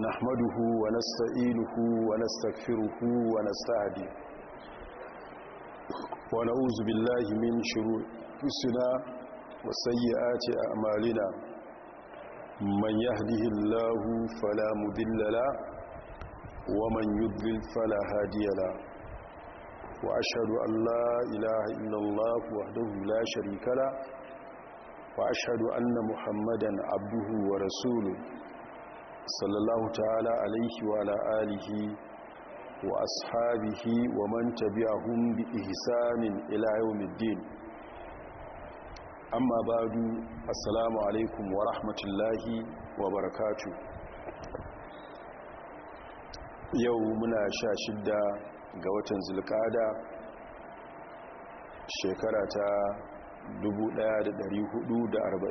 نحمده ونستئيله ونستغفره ونستهدي ونعوذ بالله من شرور أسنا وسيئات أعمالنا من يهده الله فلا مذل له ومن يضلل فلا هادي له وأشهد أن لا إله إلا الله وحده لا شريك له وأشهد أن محمدا عبده ورسوله sallallahu ta'ala alaihi wa la'alihi wa ashabihi wa manta biya hun bi ihsanin ila middin amma ba du assalamu alaikum wa rahmatullahi wa barakatu yau muna sha shidda ga watan zulkada shekara ta 1444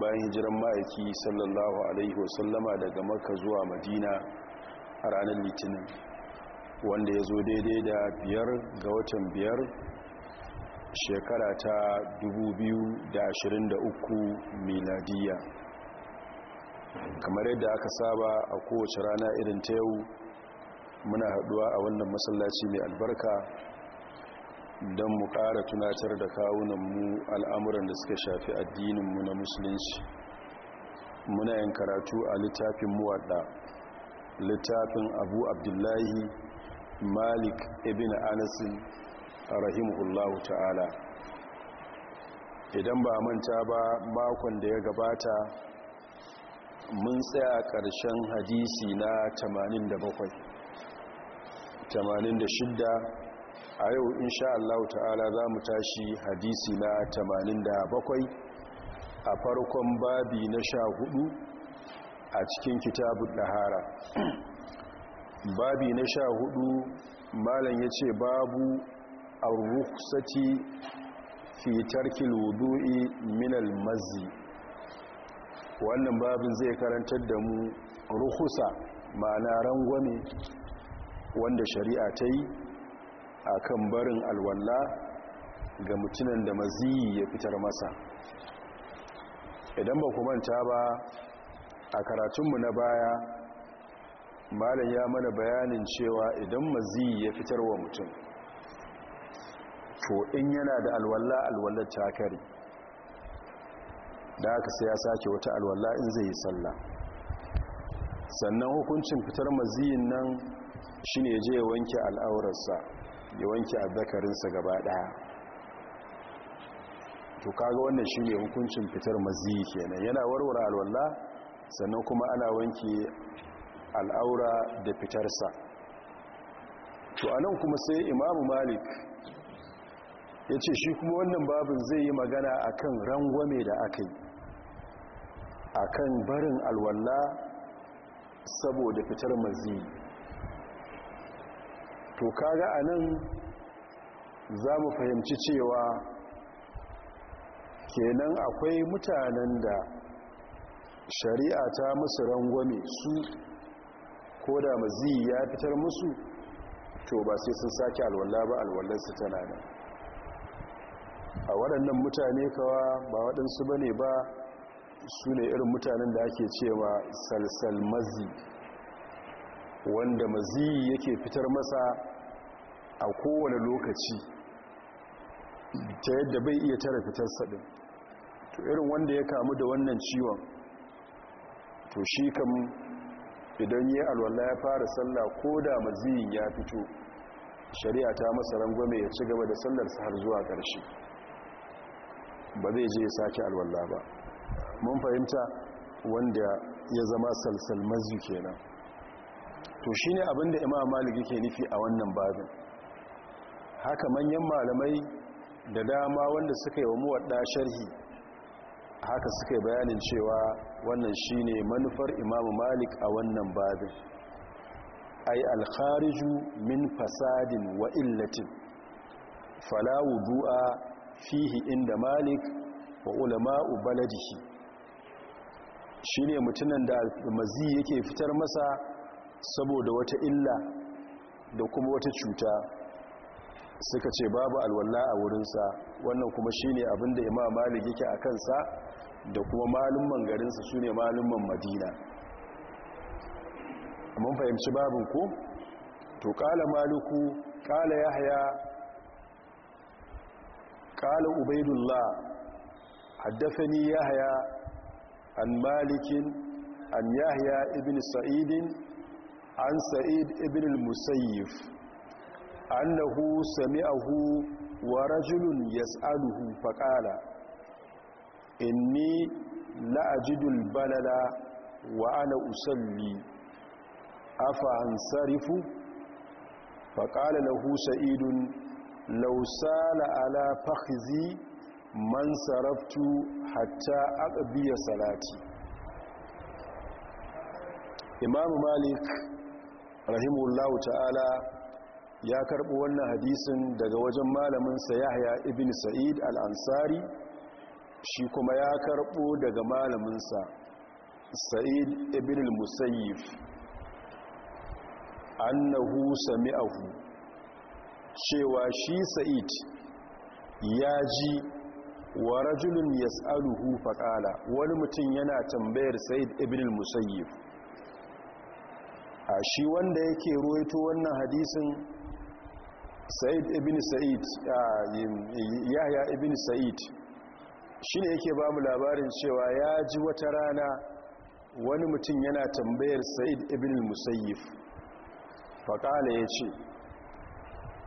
bayan hijiran ma'aiki sallallahu alaihi wasallama daga maka zuwa madina a ranar litinin wanda ya zo daidai da biyar ga watan biyar shekara ta 2023 miladiya kamar yadda aka saba a kowace rana irin ta yau muna haduwa a wannan masallaci mai albarka don mu ƙara tunatar da kawunanmu al'amuran da suka shafi addininmu na musulunci muna yin karatu a littafin muwadda littafin abu abdullahi malik ibn anasin rahimahullahu ta'ala idan ba manta ba makon da ya gabata mun tsaya ƙarshen hadisi na 87 a yau insha Allah ta'ala za mu tashi hadisi na tamanin 87 a farkon babi na 14 a cikin kitabun ɗahara. babi na 14 malam ya ce babu ar-rukhsati fi tarkil wudu'i min al wannan babin zai karantar da mu ruhusa ma'ana rangwame wanda shari'a ta yi a kan barin alwalla ga mutunan da maziyi ya fitar masa idan ba ku manta ba a karatunmu na baya malam ya mana bayanin cewa idan maziyi ya fitar wa mutum to in yana da alwalla alwallar takari da aka sai ya sake wata alwalla in zai yi sallah sannan hukuncin fitar maziyin nan shine je wanke al'aurarsa ya wanke azzakarinsa gaba daya to kaga wannan shi ne hukuncin fitar mazi kenan yana warware alwalla sannan kuma ana wanke al'aura da fitarsa to anan kuma sai imamu malik ya ce shi kuma wannan babin zai yi magana a kan rangwame da aka yi a kan barin alwalla saboda fitar mazi to kaga a nan za mu fahimci cewa kenan akwai mutanen da shari'a ta musu rangwame su ko da mazi ya fitar musu to ba sai sun sake alwallah ba su tana nan a waɗannan mutane kawa ba waɗansu ba ne ba su ne irin mutanen da ake cewa salsal mazi wanda maziyi yake fitar masa a kowane lokaci ta yadda bai iya tara fitar sadin to irin wanda ya kamu da wannan ciwon to shi kam idan yi alwala ya fara sallah ko da maziyin ya fito shari'a ta masa rangwame ya ci gaba da sallarsa har zuwa ƙarshe ba zai je ya sake alwala ba mun fahimta wanda ya zama salsal mazi kenan to shi ne abinda imam malik yake nufi a wannan babin haka manyan malamai da dama wanda suka yi wa muwadda sharhi haka suka yi bayanin cewa wannan shi ne manufar imam malik a wannan babin ai alkhariju min fasadin wa illatin fala wudu'a fihi inda malik wa ulama'u baladihi shine mutumin da mazi yake fitar masa saboda wata illa da kuma wata cuta suka ce babu alwala a wurinsa wannan kuma shi ne abinda imam malik yake a kansa da kuma malumman garinsa su ne malumman madina mun fahimci babin ko to kala maluku kala yahya kala ubaidullah haddathani yahya an malikin an yahya ibn sa'idin an sa'id ibn al-musayyif annahu sami'ahu wa rajulun yas'aluhu faqala inni la al-balala wa ana usalli afa ansarifu faqala lahu sa'idun law sala ala fakhzi man saraftu hatta aqdiya salati imam malik rahimullahu ta'ala ya karɓi wannan hadisin daga wajen malaminsa yahya ibn sa'id al-ansari shi kuma ya karɓo daga malaminsa sa'id ibn al-musayyif annahu sami'ahu cewa shi sa'id ya ji wa rajulun yas'aluhu faqala wani mutum yana tambayar sa'id ibn al-musayyif a shi wanda yake ruwaito wannan hadisin sa'id ibn sa'id yahya ibn sa'id shi ne yake ba mu labarin cewa ya ji wata rana wani mutum yana tambayar sa'id ibn musayyif faƙala ya ce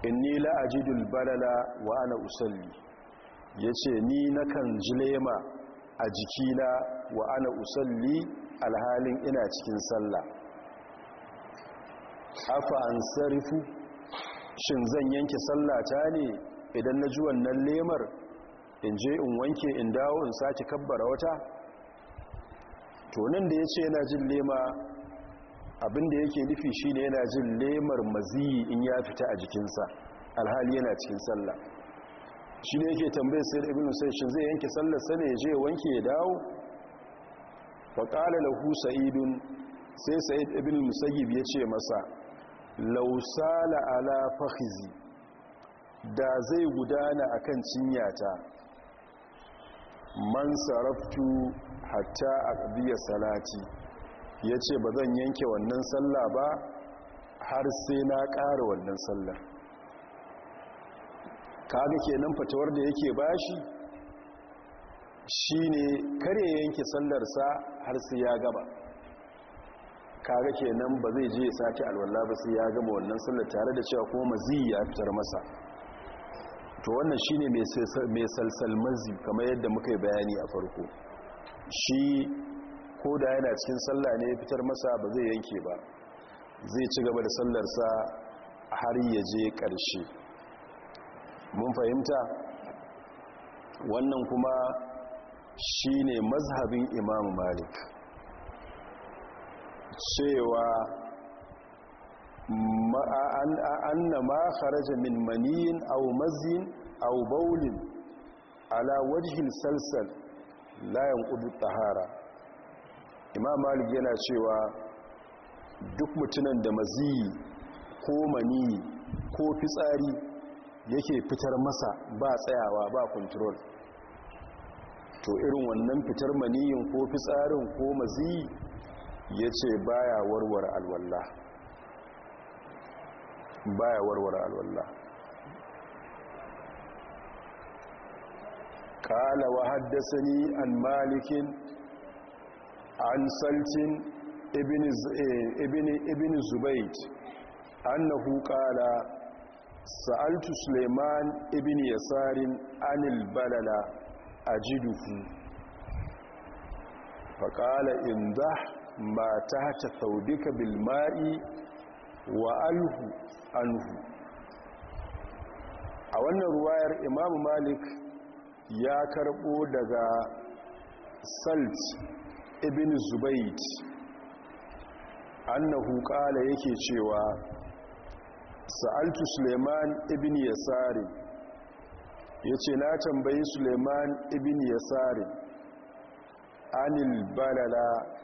inni la'ajidul balala wa ana usalli ya ce ni nakan ji lema a jikina wa ana usalli alhalin ina cikin sallah afa an sarifu shin zan yanke sallata ne idan na ji wannan lemar in je in wanke in dawo in sake kabbara wata tonin da ya ce yana jin lema abinda yake nufi shi ne yana jin lemar maziyi in ya fita a jikinsa alhali yana cikin sallah shi ne yake tambayar sayar ibn sashin zai yanke sallar sani ya je wanke ya dawo wa qala hu sa'idun sai sa'id ibn musayyib ya ce masa lausala ala fahizi da zai gudana a kan cinyata man saraftu hatta biya salati Ya ce ba zan yanke wannan sallah ba har sai na ƙara wannan sallah kaga kenan fatawar da yake bashi shine kare yanke sallarsa har sai ya gaba kaga kenan ba zai je ya sake alwala ba sai ya gama wannan sallar tare da cewa kuma mazi ya fitar masa to wannan shine mai salsal mazi kamar yadda muka yi bayani a farko shi ko da yana cikin sallah ne fitar masa ba zai yanke ba zai ci gaba da sallarsa har ya je ƙarshe mun fahimta wannan kuma shine mazhabin Imam malik cewa anna ma kharaja min maniyin aw mazin aw baulin ala wajhin salsal la yanqudu tahara imam malik yana cewa duk mutunan da maziyi ko maniyi ko fitsari yake fitar masa ba tsayawa ba control to irin wannan fitar maniyin ko fitsarin ko maziyi ya ce baya warwar alwallah baya warwar alwallah kala wa ni an malikin an saltin ibn eh, zubait annahu kala sa'altu suleiman ibn yasarin anil balala ajidufu fa kala za? ma ta thawbika bil wa alhu anhu a wannan ruwayar imam malik ya karbo daga salt ibn Zubaid. annahu kala yake cewa sa'altu suleiman ibn yasari yace na tambayi suleiman ibn yasari anil balala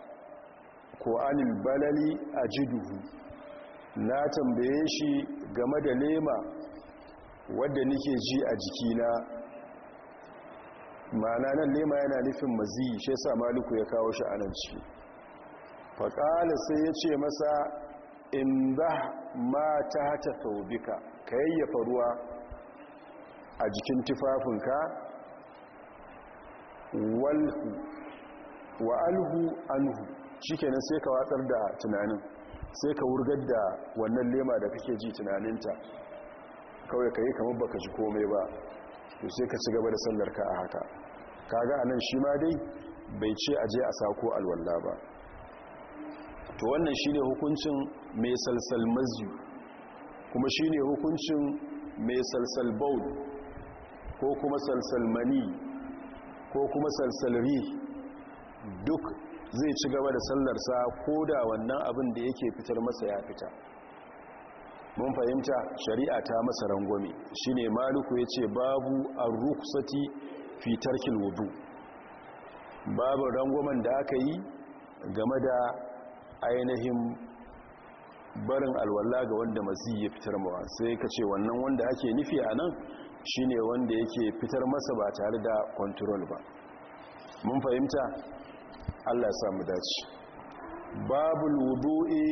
ko anil balali ajiduhu na tambaye shi game da lema wadda nike ji a jikina ma'ana nan lema yana nufin mazi shi sa maluku ya kawo shi a nan ciki faƙala sai ya ce masa in ba ma ta hata taubika ka yayyafa ruwa a jikin tufafinka wa alhu anhu shi kenan sai ka watsar da tunanin sai ka wurgar da wannan lema da kake ji tunaninta kawai ka yi kamar baka ji komai ba to sai ka ci gaba da sallar ka a haka kaga anan shi ma dai bai ce aje a sako alwala ba to wannan shine hukuncin mai salsal mazyu kuma shine hukuncin mai salsal baul ko kuma salsal mani ko kuma salsal ri duk zai ci gaba da sallarsa ko da wannan abin da yake fitar masa ya fita mun fahimta shari'a ta masa rangwame ne maliku ya ce babu ar rukusati fitar kilwudu babu rangwamen da aka yi game da ainihin barin alwala ga wanda masu ya fitar mawa sai ka ce wannan wanda ake nufi a nan ne wanda yake fitar masa ba tare da kontrol ba mun fahimta Allah ya samu dace babul wudu'i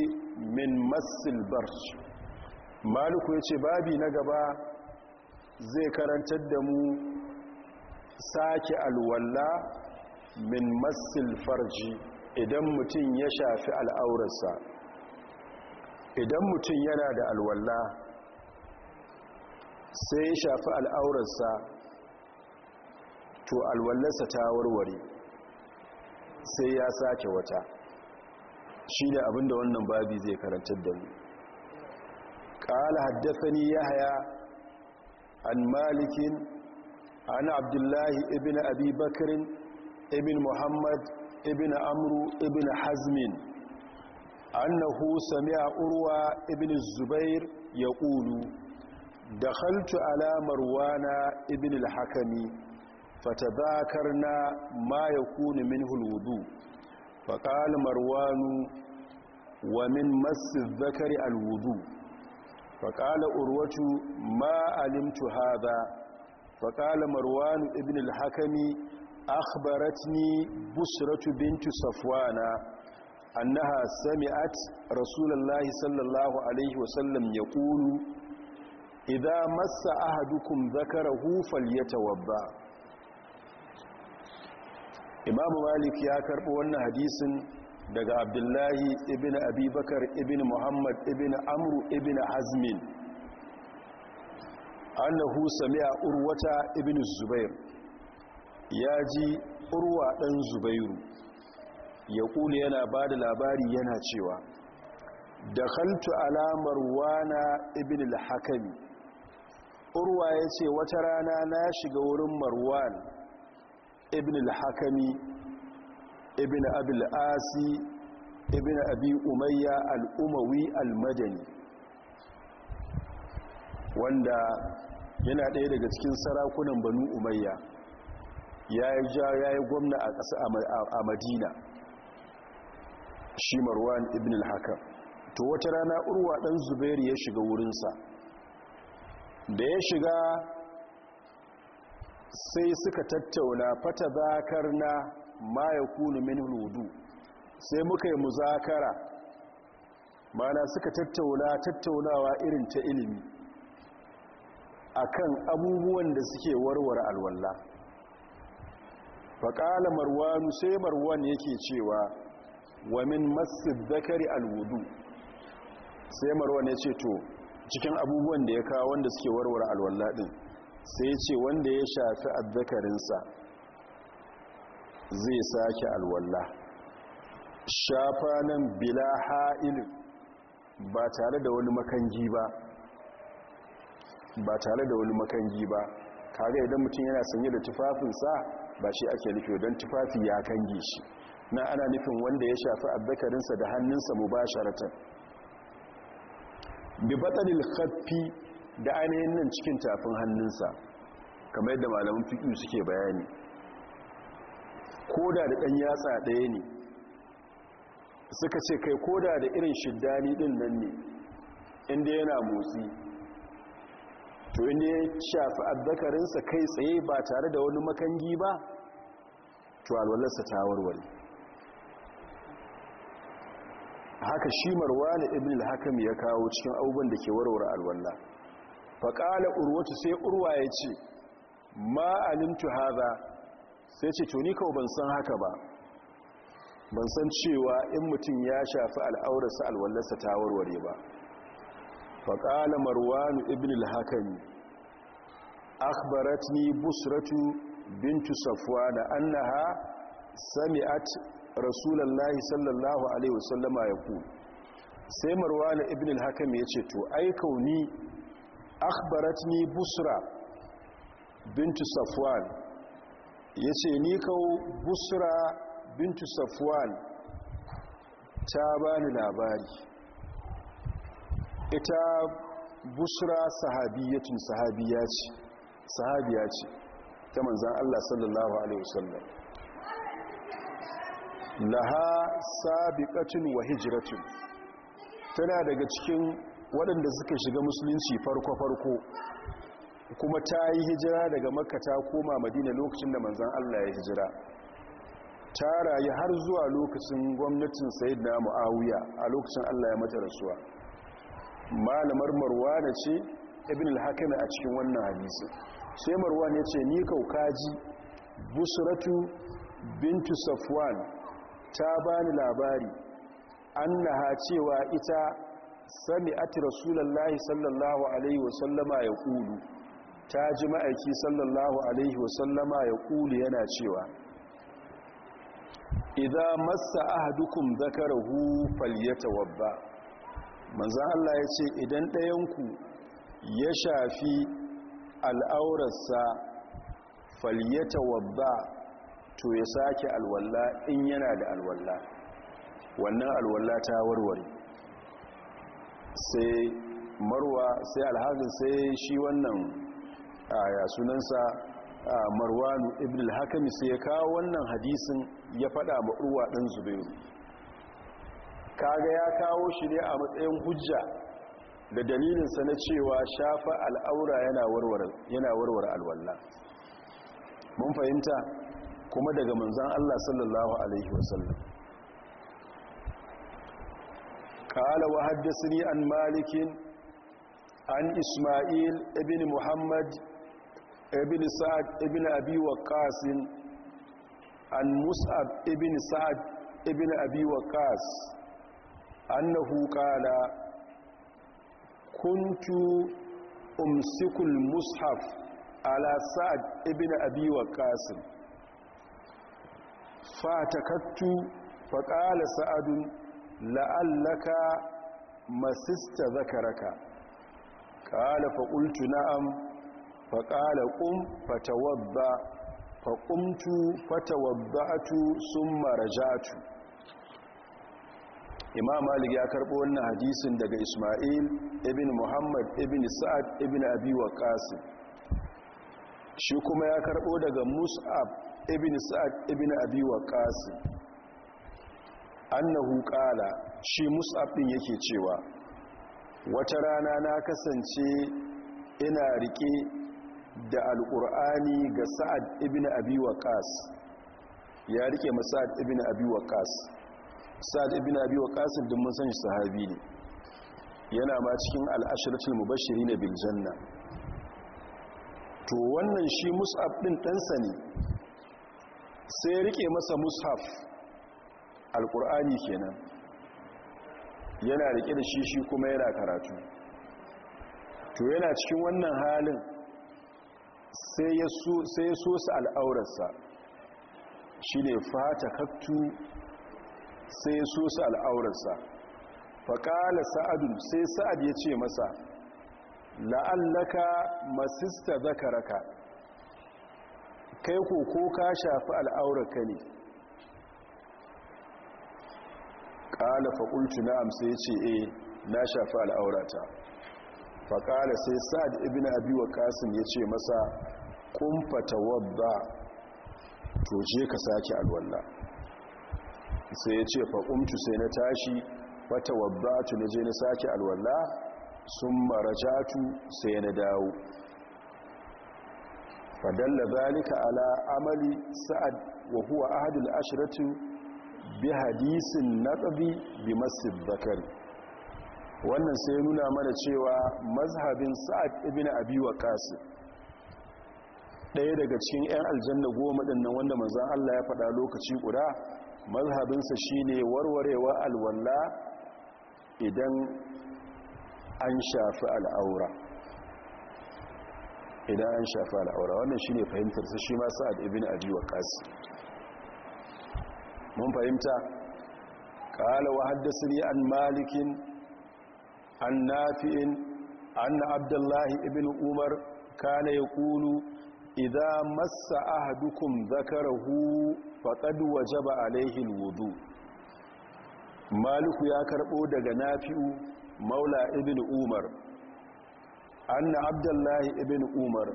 min masil barj maliku yace babi na gaba zai karantar da mu sake alwalla min masil farji idan mutum ya shafi al'aurarsa idan mutum yana da alwalla sai ya shafi al'aurarsa to alwallarsa ta warware sai ya sake wata shi ne abinda wannan babi zai karanta da mu ƙala haddasani ya haya an malikin an abdullahi ibn abi bakirin ibn muhammad ibn amru ibn hazmin annahu sami'a urwa ibn zubair ya ƙulu alamar wana wana ibn alhakami fatazakarna ma ya kuni min fa qala marwan wa min mass adh alwudu faƙala urwatu ma alimtu hadha fa qala ibn al-hakami akhbaratni busratu Bintu, safwana annaha sami'at rasulullahi sallallahu alaihi wasallam yaqulu idza zakara, hufal ya tawabba. imamu malik ya karɓi wannan hadisin daga abdullahi ibn abubakar ibn muhammad ibn amru ibn hazmin annahu sami'a urwata ibn zubair ya ji urwa ɗan zubairu ya ƙuli yana ba da labari yana cewa da kaltu alamar wana ibn al-hakami urwa ya ce wata rana na shiga wurin marwan ibn al-hakami ibn abil asi ibn abi umayya al-umawi al-madani wanda yana ɗaya daga cikin sarakunan banu umayya ya yi ja ya yi gwamna a ƙasa a madina shi marwan ibn al-hakam to wata rana urwa ɗan zubairu ya shiga wurinsa da ya shiga sai suka tattauna fata zakar na ma ya kunu min hudu sai muka yi muzakara mana suka tattauna tattaunawa irin ta ilimi akan abubuwan da suke warware alwalla faƙala marwanu sai marwan yake cewa wa min masjid zakari alwudu sai marwan ya ce to cikin abubuwan da ya kawo wanda suke warware alwalla din sai ce wanda ya shafi addakarinsa zai sake alwalla shafa nan bila ha'ilin ba tare da wani makangi ba ba tare da wani makangi ba kaga idan mutum yana sanye da tufafinsa ba shi ake nufi don tufafi ya kange shi na ana nufin wanda ya shafi azzakarinsa da hannunsa mu ba sharatan bi batalil khaffi da ainihin nan cikin tafin hannunsa kamar yadda malamin fiƙi suke bayani koda da ɗan yatsa ɗaya ne suka ce kai koda da irin shiddani ɗin nan ne inda yana motsi to inda ya shafi azzakarinsa kai tsaye ba tare da wani makangi ba to alwalarsa ta warware haka shi da ibn al-hakam ya kawo cikin abubuwan da ke warware alwallah faƙala urwatu sai urwa ya ce ma alimtu haza sai ce tuni kawo ban san haka ba ban san cewa in mutum ya shafi al'aurarsa alwallarsa ta warware ba faƙala marwanu ibn al-hakami ni busratu bintu safwana annaha sami'at rasulullahi sallallahu alaihi wasallama yaqul sai marwana ibn al-hakam yace to ai kauni akhbaratni busra bintu safwan yace ni kawo busra bintu safwan ta bani labari ita busra sahabiyatun sahabiya ce sahabiya ce ta manzan Allah sallallahu alaihi wasallam laha sabiqatun wa hijratun tana daga cikin waɗanda suka shiga musulunci farko-farko kuma ta yi hijira daga makka ta koma madina lokacin da manzan allah ya hijira ta rayu har zuwa lokacin gwamnatin sayid na mu'awuya a lokacin allah ya mata rasuwa malamar marwana ce ibn al a cikin wannan hadisi sai marwan ya ce ni kaukaji busratu bintu safwan ta bani labari annaha cewa ita sami'ati rasulullahi sallallahu alaihi wasallama ya kulu ta ji ma'aiki sallallahu alaihi wasallama ya kulu yana cewa idan massa ahadukum zakarahu falyatawabba manzo Allah ya ce idan ɗayanku ya shafi al'aurarsa falyatawabba to ya sake alwalla in yana da alwalla wannan alwalla ta warware sai marwa sai alhazin sai shi wannan ya sunansa marwanu ibn al-hakami sai ya kawo wannan hadisin ya fada ma urwa dan zubairu kaga ya kawo shi ne a matsayin hujja da dalilinsa na cewa shafa al'aura yana warware alwallah mun fahimta kuma daga manzan Allah sallallahu Alaihi wasallam قال وحدثني عن مالك عن إسماعيل ابن محمد ابن سعد ابن أبي وقاس عن مصعب ابن سعد ابن أبي وقاس أنه قال كنت أمسك المصحف على سعد ابن أبي وقاس فاتكت فقال سعد la'allaka masista zakaraka ƙala faƙultu na'am faƙala ƙum fatawabba faƙumtu fatawabba'atu sun marajatu imam malik ya karɓo wannan hadisin daga ismail ibn muhammad ibn sa'ad ibn abi ƙasi shi kuma ya karɓo daga mus'ab ibn sa'ad ibn abi ƙasi annahu qala shi mus'ab din yake cewa wata rana na kasance ina rike da alqur'ani ga sa'ad ibn abi waqas ya rike ma sa'ad ibn abi waqas sa'ad ibn abi waqas din mun san shi sahabi ne yana ma cikin alashratul mubashirin bil janna to wannan shi mus'ab din ɗansa ne sai rike masa mushaf alkur'ani kenan yana rike da shi shi kuma yana karatu to yana cikin wannan halin sai ya so su al'aurarsa shi ne fata kaktu sai ya so su al'aurarsa faƙala sa'adu sai sa'ad ya ce masa la'allaka masista zakaraka kai ko ko ka shafi al'aurarka ne ƙala faƙultu na amsa ya ce e na shafi al'aurata faƙala sai sa'ad ibn abi wa ƙasin ya ce masa kumfata wadda to je ka sake alwalla sai ya ce faƙumtu sai na tashi wata wadda tu na je na sake alwalla sun marajatu sai na dawo fadalla zalika ala amali sa'ad wa huwa ahadul ashiratu bi hadisin naqbi bi masjid bakari wannan sai nuna mana cewa mazhabin sa'ad ibn abi waqas ɗaya daga cikin 'yan aljanna goma ɗinnan wanda manzon Allah ya faɗa lokaci guda mazhabinsa shine warwarewa alwalla idan an shafi al'aura idan an shafi al'aura wannan shine fahimtarsa shi ma sa'ad ibn abi waqas mun fahimta ƙala wa ne an malikin an nafi'in an na abdullahi ibn umar kana ya masa idza massa ahadukum dhakarahu faqad wajaba alayhi wudu maliku ya karɓo daga nafi'u maula ibn umar An na abdullahi ibn umar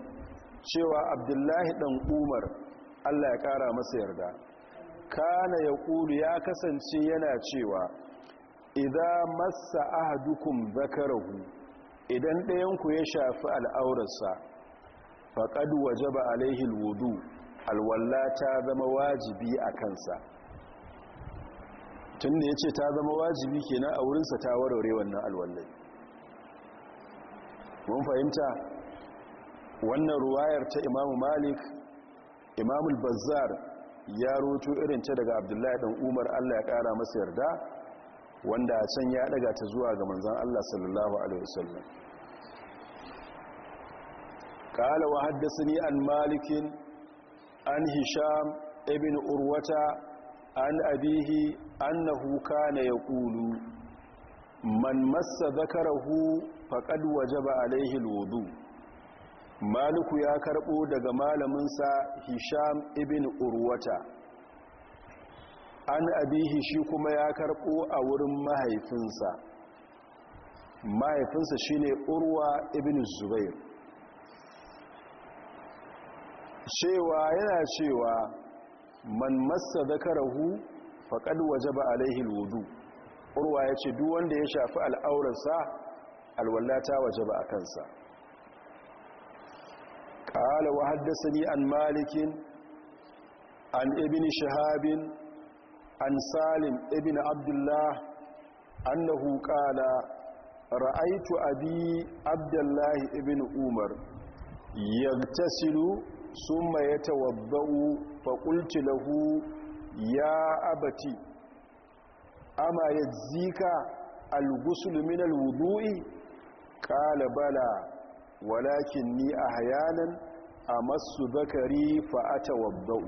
cewa abdullahi ɗan umar Allah ya ƙara masa yarda kana ya ƙulu ya kasance yana cewa idan massa ahadukum zakarahu idan ɗayanku ya shafi al'aurarsa faƙad wajaba ba alaihil wudu alwalla ta zama wajibi a kansa Tunda da ya ta zama wajibi kenan a wurinsa ta warware wannan alwallai mun fahimta wannan ruwayar ta imamu malik imamul bazzar ya irin ta daga abdullahi ɗan umar allah ya ƙara masa yarda wanda a can ya ɗaga ta zuwa ga manzan allah sallallahu alaihi wasallam ƙala wa haddasa ni an malikin an hisham ibn urwata an abihi annahu kana ya ƙulu man massa zakarahu faƙad wajaba alaihi lodu Maluku ya karɓo daga malaminsa hisham ibn urwata an abihi shi kuma ya karɓo a wurin mahaifinsa mahaifinsa shine urwa ibn zubair cewa yana cewa man massa zakarahu faqad wajaba alaihi alwudu urwa yace duk wanda ya shafi al'aurarsa alwallata wajaba kansa. قال وحدثني عن مالك عن ابن شهاب عن سالم ابن عبد الله أنه قال رأيت أبي عبد الله ابن عمر يغتسل ثم يتوضأ فقلت له يا أبتي أما يجزيك الغسل من الوضوء قال بلى walakin ni a hayanan a masu zakari fa'ata wabdau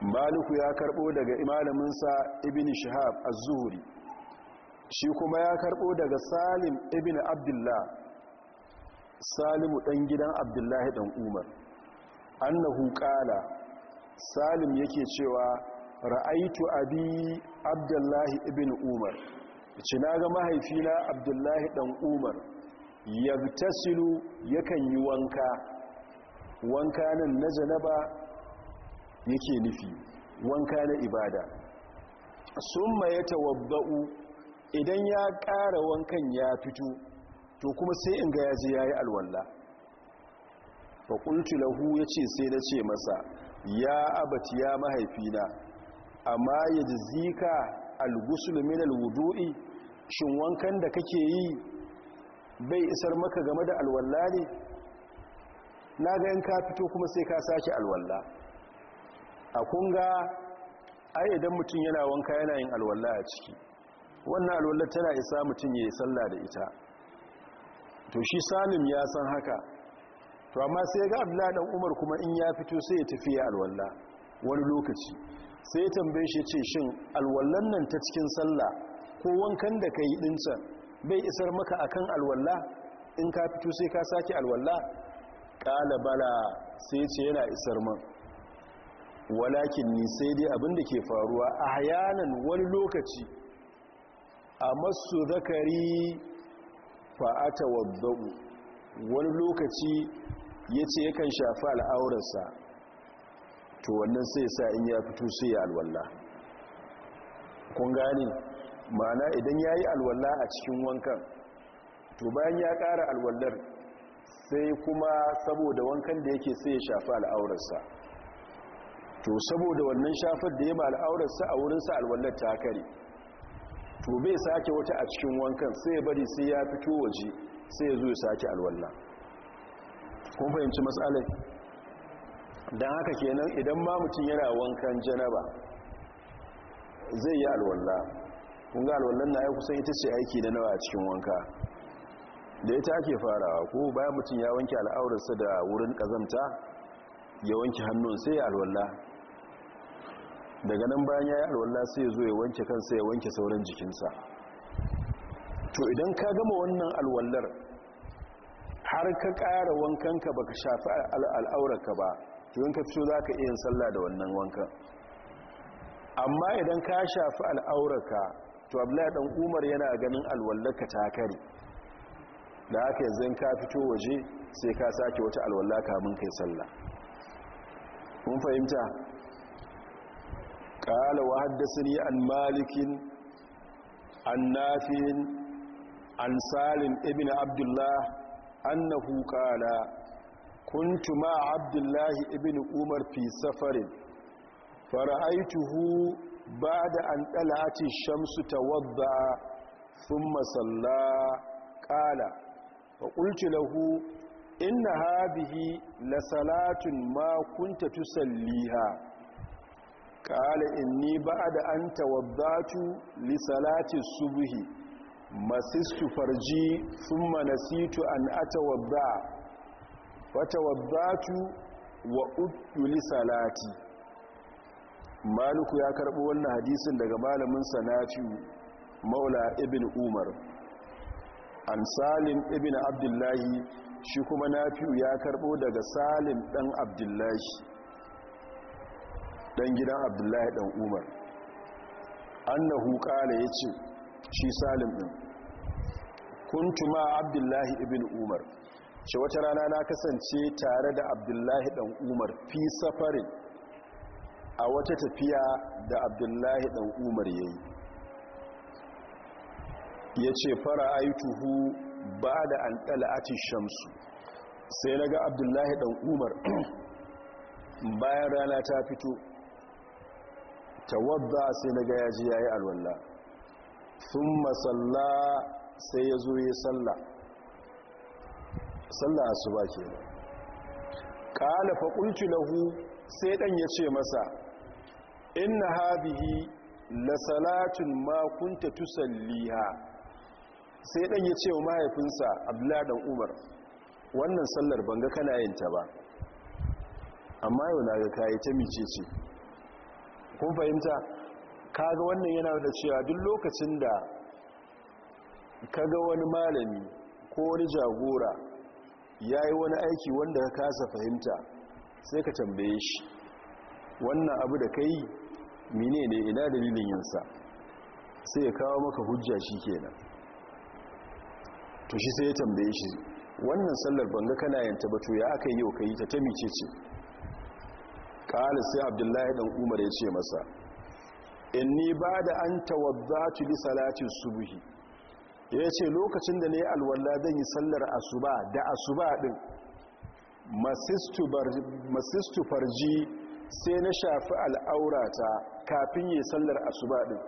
maliku ya karɓo daga imalaminsa ibini shahab a zuhuri shi kuma ya karɓo daga salim ibini abdullah salimu ɗan gidan abdullahi ɗan umar annahu ƙala salim yake cewa ra'aitu abi abdullahi ibini umar cina na ga mahaifina abdullahi ɗan umar yagtasilu yakan yi wanka wanka nan na janaba yake nufi wanka na ibada summa ya tawabba'u idan ya ƙara wankan ya fito to kuma sai in ga yaji yayi alwala fa qultu lahu yace sai da ce masa ya abati ya mahaifina amma yajzika al-ghusl min al-wudu'i shin wankan da kake yi bai isar maka game da alwalla ne na ga in ka fito kuma sai ka sake alwalla a kunga ai idan mutum yana wanka yana yin alwalla a ciki wannan alwallah tana isa mutum ya yi sallah da ita to shi salim ya san haka to amma sai ga abdullahi dan umar kuma in ya fito sai ya tafi ya alwalla wani lokaci sai ya tambaye shi ce shin alwallan nan ta cikin sallah ko wankan da ka yi ɗincan bai isar maka akan alwalla in ka fito sai ka sake alwalla Ƙala bala sai ce yana isar man walakin ni sai dai abinda ke faruwa a hayanan wani lokaci a masu zakari fa'ata wadda'u wani lokaci ya ce yakan shafi al'aurarsa to wannan sai sa in ya fito sai ya alwallah kun gane ma'ana idan ya yi alwallah a cikin wankan to bayan ya ƙara alwallar sai kuma saboda wankan da yake sai ya shafi al'aurarsa to saboda wannan shafar da ya ma al'aurarsa a wurinsa alwallar ta kare to bai sake wata a cikin wankan sai ya bari sai ya fito waje sai ya zo ya sake alwallah kun fahimci matsalai. don haka kenan idan ma mutum yana wankan janaba zai yi alwallah kun ga alwallon na ya kusan ita ce aiki da nawa a cikin wanka da ita ake farawa ko bayan mutum ya wanke al'aurarsa da wurin kazanta ya wanke hannun sai ya alwalla daga nan bayan ya yi alwalla sai ya zo ya wanke kansa ya wanke sauran jikinsa to idan ka gama wannan alwallar har ka kara wankanka ka shafi al'aurarka ba to yanka fito za ka iya sallah da wannan wankan amma idan ka shafi al'aurarka to abdullahi dan umar yana ganin alwallaka ta kare da haka yanzu ka fito waje sai ka sake wata alwallaka mun kai sallah mun fahimta qala wa haddathani an malikin an nafin an salim ibn abdullah annahu qala kuntu ma abdullahi ibn umar fi safarin fara'aituhu ba da an ɗala'ati shamsu ta wadda sun masalla ƙala wa ƙulci lahu inna hadihi la salatun ma tusalliha ƙala inni ba da an tawaddatu li salatin subhi masistu farji thumma nasitu an atawadda fatawaddatu wa uku li salati Maluku ya karbi wannan hadisin daga malamin sanafi maula ibn umar an salim ibn abdullahi shi kuma nafi'u ya karɓo daga salim ɗan abdullahi ɗan gidan abdullahi ɗan umar annahu ƙala ya ce shi salim ɗin kuntu ma abdullahi ibn umar shi wata rana na kasance tare da abdullahi ɗan umar fi safarin a wata tafiya da abdullahi ɗan umar ya yi ya ce fara aituhu ba da an ɗala'ati shamsu sai na ga abdullahi ɗan umar bayan rana ta fito tawadda sai na ga ya ji ya yi alwallah sun masalla sai ya zo ya salla salla a su ba ke ƙunci na hu sai ɗan ya ce masa inna hadhihi la salatin ma kunta tusalliha sai ɗan ya ce wa mahaifinsa abdullahi dan umar wannan sallar banga kana yin ta ba amma yau na ga kayi ta ce. kun fahimta kaga wannan yana da cewa duk lokacin da kaga wani malami ko wani jagora yayi wani aiki wanda ka kasa fahimta sai ka tambaye shi wannan abu da kai mine ne ina dalilin yansa? sai ya kawo maka hujja shi kenan to sai ya tambaye shi wannan sallar banga kana yanta ba to ya aka yi ka ta ta mice ce ƙalis sai abdullahi ɗan umar ya ce masa inni ba da an tu bi salatin subuhi ya ce lokacin da ne alwala zan yi sallar asuba da asuba ɗin masistu farji sai na shafi al'aurata kafin yi sallar asuba ɗin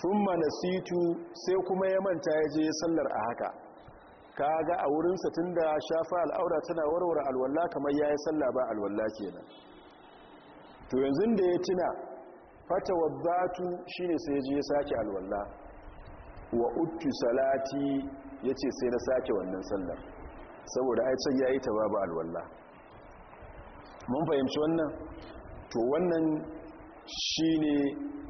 sun situ sai kuma ya manta ya je sallar a haka ka ga a wurinsa tunda da shafi al'aura tana warware alwallah kamar ya yi sallah ba alwallah kenan to yanzu da ya tuna fata waddatu shi ne sai je ya sake alwallah wa uttu salati ya ce sai na sake wannan sallar saboda aicin ya yi ta babu alwallah mun fahimci wannan to wannan shi ne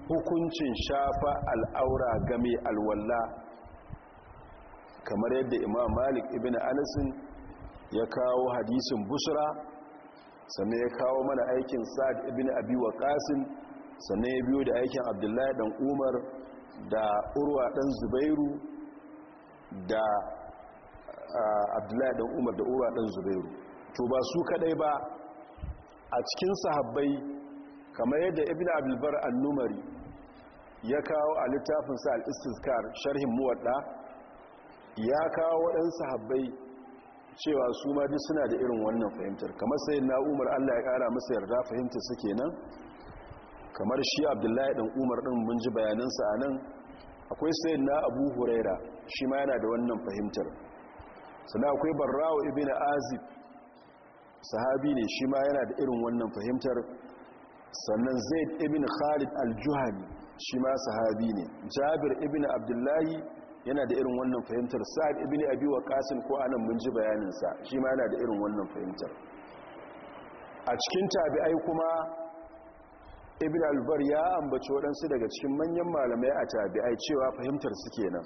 hukuncin shafa al'aura game alwalla kamar yadda imam malik ibn anasin ya kawo hadisin busra sannan ya kawo mana aikin sa'ad ibn abi kasin sannan ya biyo da aikin abdullahi dan umar da urwa dan zubairu da ah, abdullahi dan umar da urwa dan zubairu to ba su kadai ba a cikin sahabbai kamar yadda ibn abdulbar annumari ya kawo a littafinsa al'istiskar sharhin muwadda ya kawo waɗansu sahabbai cewa su ma ji suna da irin wannan fahimtar kamar sai na umar allah ya ƙara masa yarda fahimta ke nan kamar shi abdullahi ɗan umar ɗin mun ji bayanansa a nan akwai sai na abu huraira shi ma yana da wannan fahimtar sannan akwai barrawo ibn azib sahabi ne shi ma yana da irin wannan fahimtar sannan zaid ibn khalid al-juhani shi ma sahabi ne jabir ibn abdullahi yana da irin wannan fahimtar sa'ad ibn abi waqasim ko anan mun ji bayaninsa shi ma yana da irin wannan fahimtar a cikin tabi'ai kuma ibn al-Bar ya ambaci waɗansu daga cikin manyan malamai a tabi'ai cewa fahimtar su kenan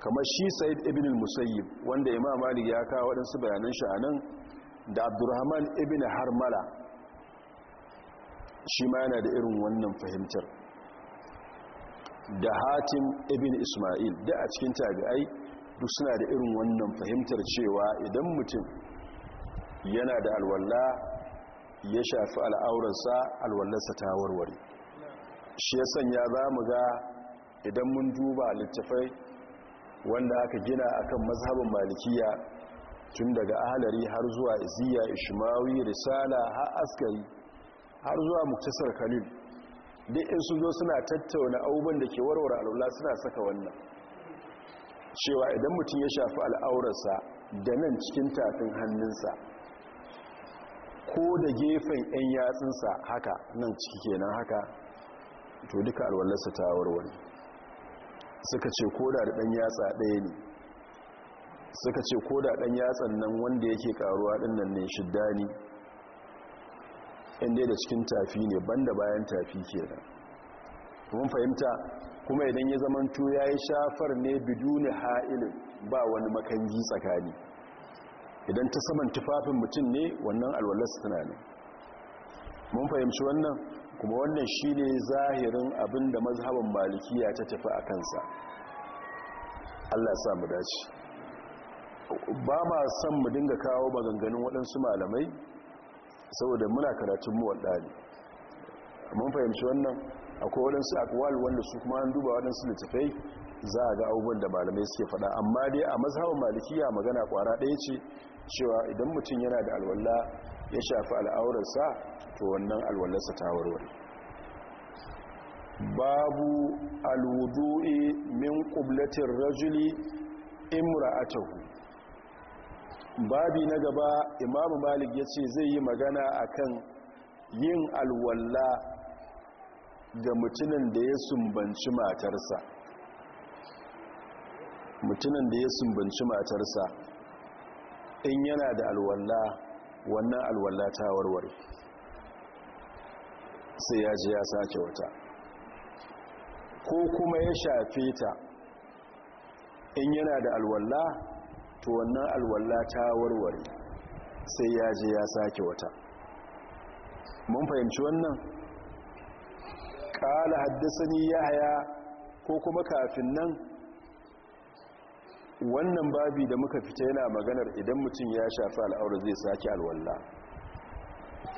kamar shi sa'id ibn al-musayyib wanda imam malik ya kawo waɗansu bayanan shi anan da abdurrahman ibn harmala shi ma yana da irin wannan fahimtar da hatim ibn ismail da a cikin tabi'ai duk suna da irin wannan fahimtar cewa idan mutum yana da alwalla ya shafi al'aurarsa alwallarsa ta warware shi ya sanya za mu ga idan mun duba littafai wanda aka gina akan mazhabin malikiya tun daga ahalari har zuwa iziya ishmawi risala har askari har zuwa muktasar khalil duk in sun zo suna tattauna abubuwan da ke warware alwala suna saka wannan cewa idan mutum ya shafi al'aurarsa da nan cikin tafin hannunsa ko da gefen 'yan yatsunsa haka nan ciki kenan haka to duka alwallarsa ta warware suka ce ko da da ɗan yatsa ɗaya ne suka ce ko da ɗan yatsan nan wanda yake karuwa ɗinnan ne shidda ne inda da cikin tafi ne banda bayan tafi ke da. mun fahimta kuma idan ya zamantu ya yi shafar ne biduni ha'ilin ba wani makangi tsakani idan ta saman tufafin mutum ne wannan alwalas tana ne mun fahimci wannan kuma wannan shi ne zahirin abin da mazhaban malikiya ta tafi a kansa allah samu dace ba ma son mu dinga kawo maganganun waɗansu malamai saboda muna karatun mu waɗani mun fahimci wannan akwai waɗansu akwal wanda su kuma an duba waɗansu littafai za a ga abubuwan da malamai suke faɗa amma dai a mazhabin malikiya magana ƙwara ɗaya ce cewa idan mutum yana da alwala ya shafi al'aurarsa to wannan alwallarsa ta warware babu alwudu'i min qublatir rajuli imra'atahu babi na gaba imamu malik ya ce zai yi magana akan yin alwalla ga mutumin da ya sumbanci matarsa mutumin da ya sumbanci matarsa in yana da alwalla wannan alwalla ta warware sai ya ji ya sake wata ko kuma ya shafe ta in yana da alwalla to wannan alwalla ta warware sai ya je ya sake wata mun fahimci wannan ƙala haddasani ya haya ko kuma kafin nan wannan babi da muka fita yana maganar idan mutum ya shafi al'aurar zai sake alwalla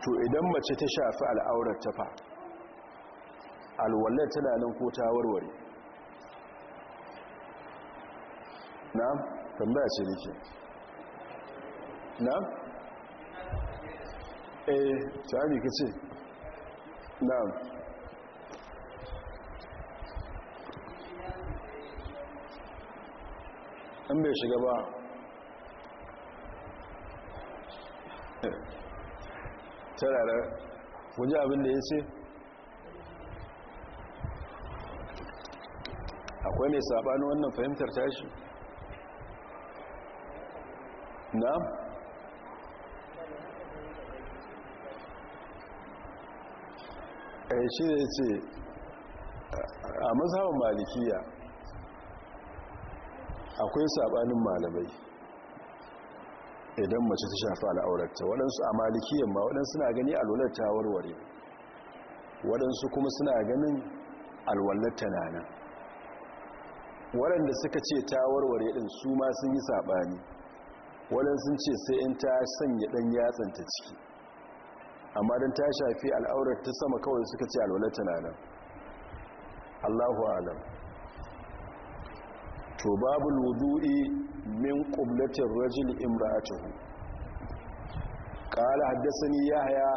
to idan mace ta shafi al'aurar ta fa alwallar tana nan ko ta warware Na. tambaya ce nake na? eh tsari ka ce na an bai shiga ba tarara wajen abin da ya ce akwai mai sabanin wannan fahimtar tashi na'am eh shi ne ce a mazhaban malikiya akwai sabanin malamai idan mace ta shafa al'auratta waɗansu a malikiyan ma waɗansu suna gani alwalar ta warware waɗansu kuma suna ganin alwalar ta nana waɗanda suka ce ta warware ɗin su ma sun yi saɓani waɗansu ce sai in ta sanya ɗan yatsan ta ciki amma don ta shafi al'aurar ta sama kawai suka ce alwalata na nan allahu alam to babu wudu'i min ƙublatin rajin imra'atuhu ƙala haddasa ni yahaya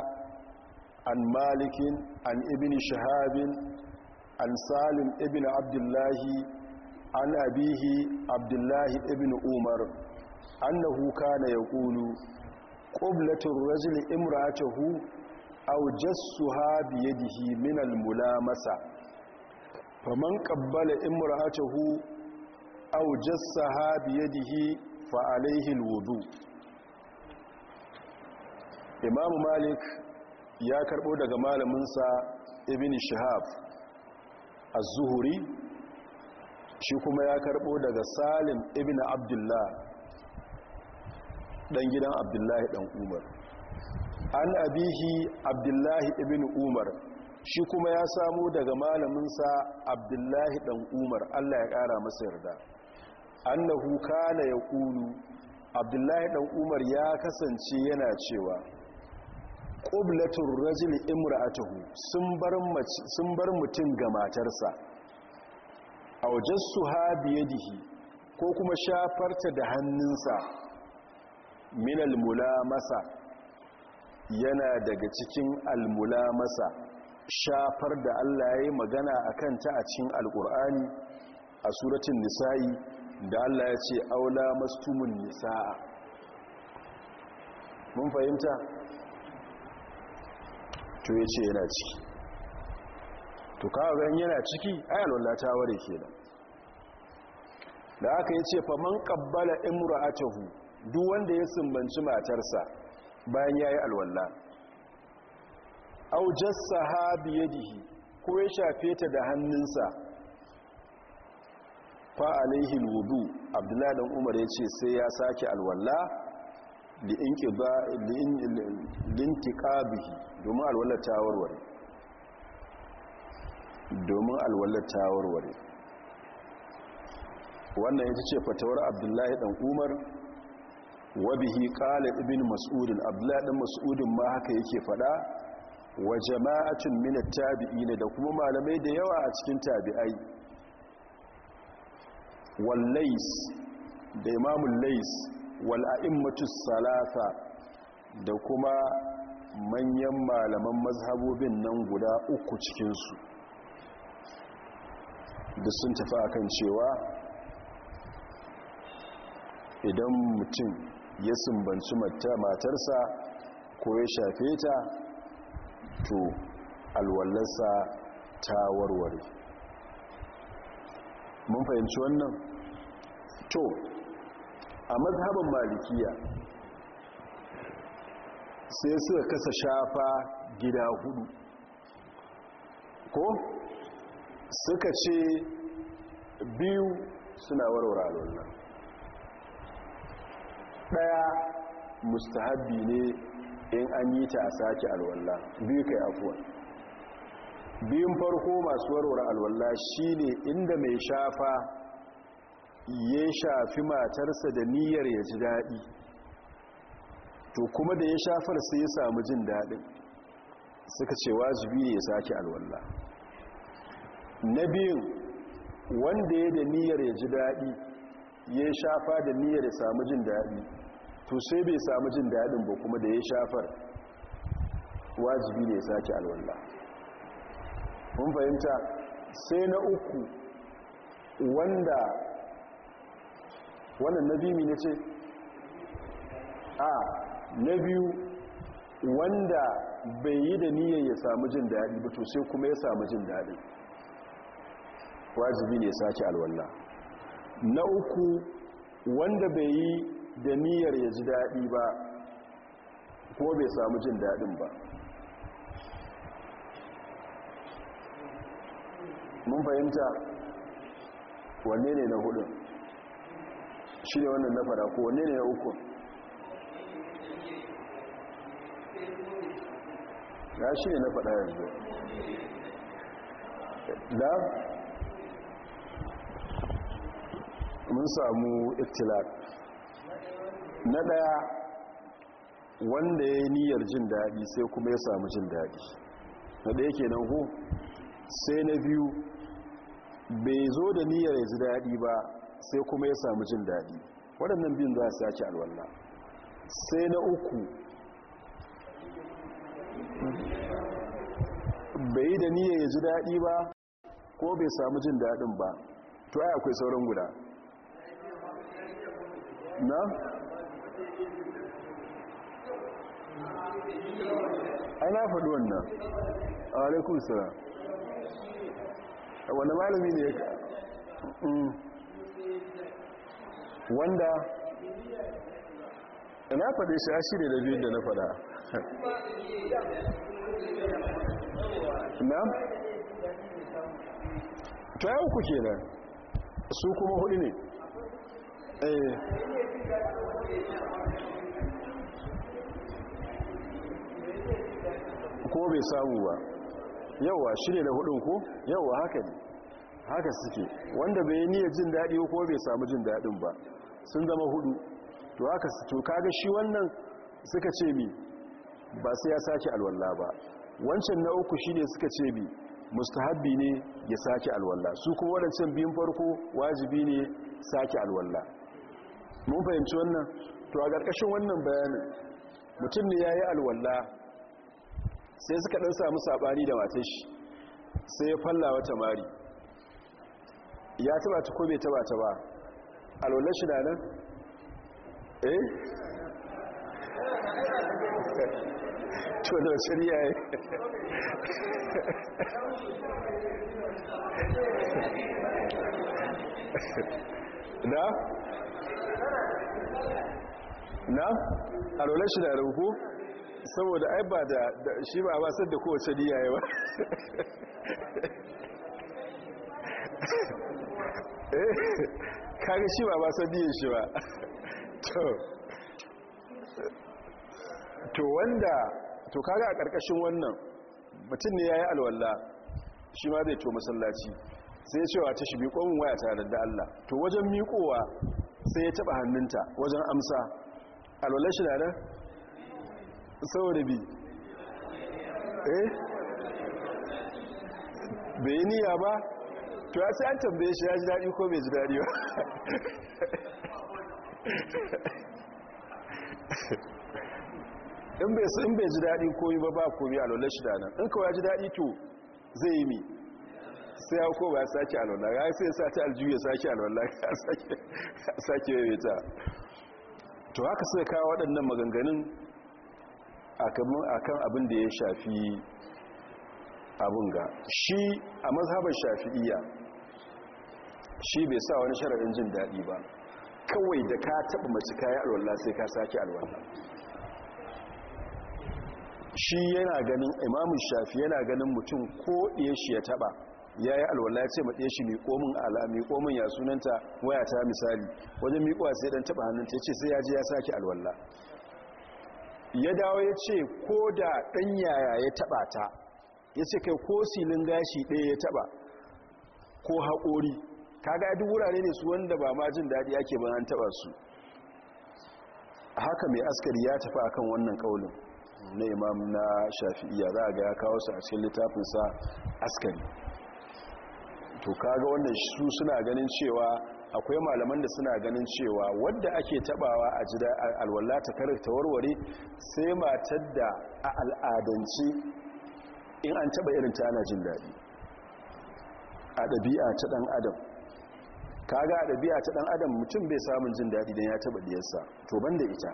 an malikin an ibin shahabin an salim ibin abdullahi an abihi abdullahi ibin umar annahu kana yaqulu qublatur rajuli imra'atuhu aw jassuha bi yadihi min al mulamasa faman qabbala imra'atuhu aw jassaha bi yadihi fa alayhi al wudu imam malik ya karɓo daga malamin sa ibn shihab az-zuhri shi kuma ya karɓo daga salim ibn abdullah dan gidan abdullahi dan umar an abihi abdullahi ibn umar shi kuma ya samu daga malaminsa abdullahi dan umar allah ya kara masa yarda annahu kana yaqulu abdullahi dan umar ya kasance yana cewa qublatur rajul imra'atuhu sun bar mace sun bar mutum ga matarsa awjassuha biyadihi ko kuma shafarta da hannunsa Min mulamasa yana daga cikin almulamasa shafar da Allah ya yi magana a kanta a cikin alkur'ani a suratun nisa'i da Allah ya ce aula mastumun nisa'a mun fahimta to ya ce yana ciki to kawo yana ciki ayyalwallah ta ware kenan da aka yi ce man ƙabbala imra'atahu duk wanda ya sumbanci matarsa bayan ya yi alwalla aujassa ha dihi ko ya shafe ta da hannunsa fa alaihi wudu abdullahi dan umar ya ce sai ya sake alwalla lintiƙabihi domin alwallar tawarware domin alwallar ta wannan ya ce fatawar abdullahi dan umar wabihi qala ibn Mas'udin, abdullah dan mas'udin ma haka yake fada wa jama'atun min at-tabi'in da kuma malamai da yawa a cikin tabi'ai wal lays da imamul lays wal a'immatu salasa da kuma manyan malaman mazhabobin nan guda uku cikin su da sun tafi akan cewa idan mutum ya sumbanci matarsa ko ya shafe ta to alwallarsa ta warware mun fahimci wannan to a mazhabin malikiya sai suka kasa shafa gida hudu ko suka ce biyu suna warware alwallar ɗaya mustahabbi ne in an yi ta a sake alwallah biyu kai afuwa biyun farko masu warware alwalla shi ne inda mai shafa ya shafi matarsa da niyyar ya ji daɗi to kuma da ya shafar sai ya samu jin daɗin suka ce wajibi ne ya sake alwalla na biyun wanda ya da niyyar ya ji daɗi ya shafa da niyyar ya samu jin daɗi to sai bai samu jin daɗin ba kuma da ya shafar wajibi ne ya sake alwalla mun fahimta sai na uku wanda wannan na biyu ne ce a na biyu wanda bai yi da niyan ya samu jin daɗi ba to sai kuma ya samu jin daɗi wajibi ne ya sake alwalla na uku wanda bai yi da niyyar ya ji daɗi ba ko bai samu jin daɗin ba mun fahimta wanne ne na hudun shi ne wannan na fara ko wanne ne na uku ya shi ne na fara yanzu da mun samu iktilak na ɗaya wanda ya yi niyyar jin daɗi sai kuma ya samu jin daɗi na ɗaya ke nan ku sai na biyu bai zo da niyyar ya ji daɗi ba sai kuma ya samu jin daɗi waɗannan biyun za su yake alwalla sai na uku bai da niyyar ya ji daɗi ba ko bai samu jin daɗin ba to ai akwai sauran guda na? ai na faɗi wannan a alaikun sara wanda malami ne ya mm. wanda na faɗi shi a shirya da biyu da na faɗa na? ta yi ku kenan su kuma hudu ne eh ko bai samu ba yauwa shi ne da hudun ko yauwa haka ne haka suke wanda bai niyyar jin daɗi ko bai samu jin daɗin ba sun zama hudu to haka su to kaga shi wannan suka ce mi ba sai ya sake alwallah ba wancan na uku shine suka ce mi mustahabbi ne ya sake alwallah su kuma waɗancan biyun farko wajibi ne sake alwallah mun fahimci wannan to a ƙarƙashin wannan bayanin mutum ne ya yi alwallah sai suka ɗan samu saɓani da matan shi sai ya falla wata mari ya taba ta kome bai taba ta ba a lullar shi da nan eh to da wace riya ya na? na? lullar shi da rufu? saboda ai ba da shi ba ba sadda da kowace niyya ya ba eh, kare shi ba ba sadda niyyar shi ba to to wanda to kaga a karkashin wannan mutum ne ya yi alwallah shi ma zai to masallaci sai cewa ta shi bi min waya tare da Allah to wajen miƙowa sai ya taba hannunta wajen amsa alwala shi da nan saboda bi eh bai niya ba to ya ce an tambaye shi ya ji daɗi ko bai ji daɗi ba in bai ji daɗi ko yi ba ba yi alwallar shi danan in kawai ji daɗi to zai yi mi sai hau ko ba ya sake alwallar ya sai ya sake aljiyu ya sake alwallar ya sake yawai ta to haka sai kawo waɗannan maganganun a kan abin da ya shafi abin ga shi a mazhabar shafi'iyya shi bai sa wani shararin jin daɗi ba kawai da ka taɓa mace kayan alwallah sai ka sake alwallah shi yana ganin imamun shafi yana ganin mutum ko ɗaya shi ya taɓa ya yi alwallah ya ce maɗe shi miƙo ala miƙo ya sunanta waya ta misali wajen miƙowa sai ɗan taɓa hannunta ya ce sai ya ji ya sake alwallah ya dawo ya ce ko da ɗan yaya ya taɓa ta ya ce kai ko silin gashi ɗaya ya taɓa ko haƙori kaga duk wurare ne su wanda ba ma jin daɗi ake ba an taɓa su haka mai askari ya tafi akan wannan ƙaunin na imam na shafi'iyya za a ga ya kawo su a cikin littafinsa askari to kaga wannan su suna ganin cewa akwai malaman da suna ganin cewa wadda ake tabawa a jida alwala ta karanta warware sai matar da a al'adance in an taba irin ta ana jin daɗi a ɗabi'a ta ɗan adam kaga a ɗabi'a ta ɗan adam mutum bai samun jin daɗi don ya taba diyarsa to da ita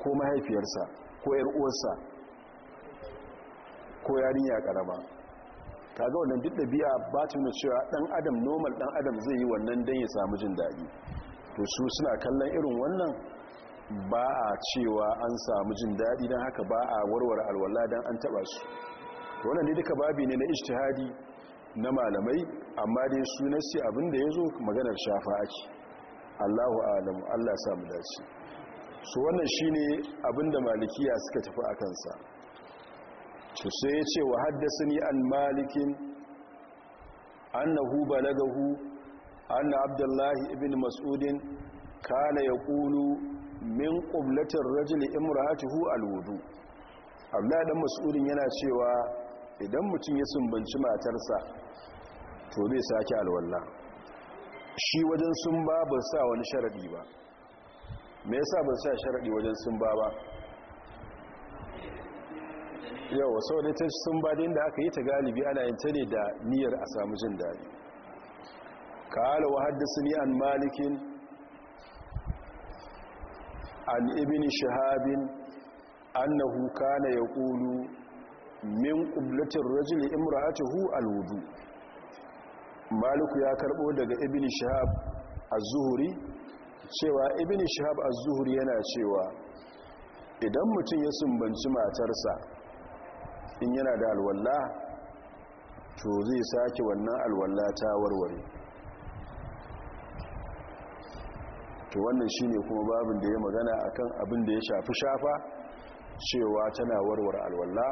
ko mahaifiyarsa ko 'yar uwarsa ko yarinya ƙarama. kaga wannan duk dabi'a ba ta nuna cewa ɗan adam normal ɗan adam zai yi wannan dan ya samu jin daɗi to su suna kallon irin wannan ba a cewa an samu jin daɗi dan haka ba a warware alwala dan an taɓa su wannan ne duka babi ne na ijtihadi na malamai amma dai su nasi abin da ya zo maganar shafa ake allahu alamu allah samu dace su wannan shine abinda malikiya suka tafi a kansa to sai ya ce wa haddasani an malikin annahu balagahu anna abdullahi ibn mas'udin kana yaqulu min qublatir rajuli imra'atuhu alwudu abdullahi dan mas'udin yana cewa idan mutum ya sumbanci matarsa to bai sake alwala shi wajen sumba ba sa wani sharadi ba me yasa ba sa sharaɗi wajen sumba ba Yau, sau da ta sun ba da inda aka yi ta galibi ana yin ta ne da niyyar a samu jin daɗi ka hala wa haddasa ni an malikin an ibn shahabin annahu kana ya ƙulu min ƙublatin hu al alwudu maliku ya karɓo daga ibn shahab a Zuhuri cewa ibn shahab a zuhuri yana cewa idan mutum ya sumbanci matarsa in yana da alwalla to zai sake wannan alwalla ta warware to wannan shine kuma babin da ya magana akan abin da ya shafi shafa cewa tana warware alwalla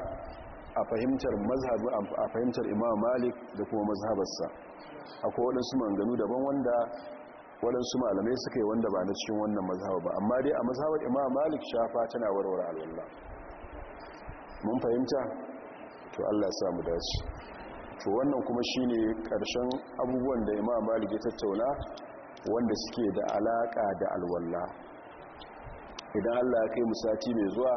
a fahimtar mazhabi a fahimtar imam malik da kuma mazhabarsa akwai waɗansu manganu daban wanda waɗansu malamai suka yi wanda ba na cikin wannan mazhaba ba amma dai a mazhabar imam malik shafa tana warware alwalla mun fahimta to Allah ya samu dace to wannan kuma shine karshen abubuwan da Imam Malik ya tattauna wanda suke da alaka da alwalla idan Allah ya kai mu sati mai zuwa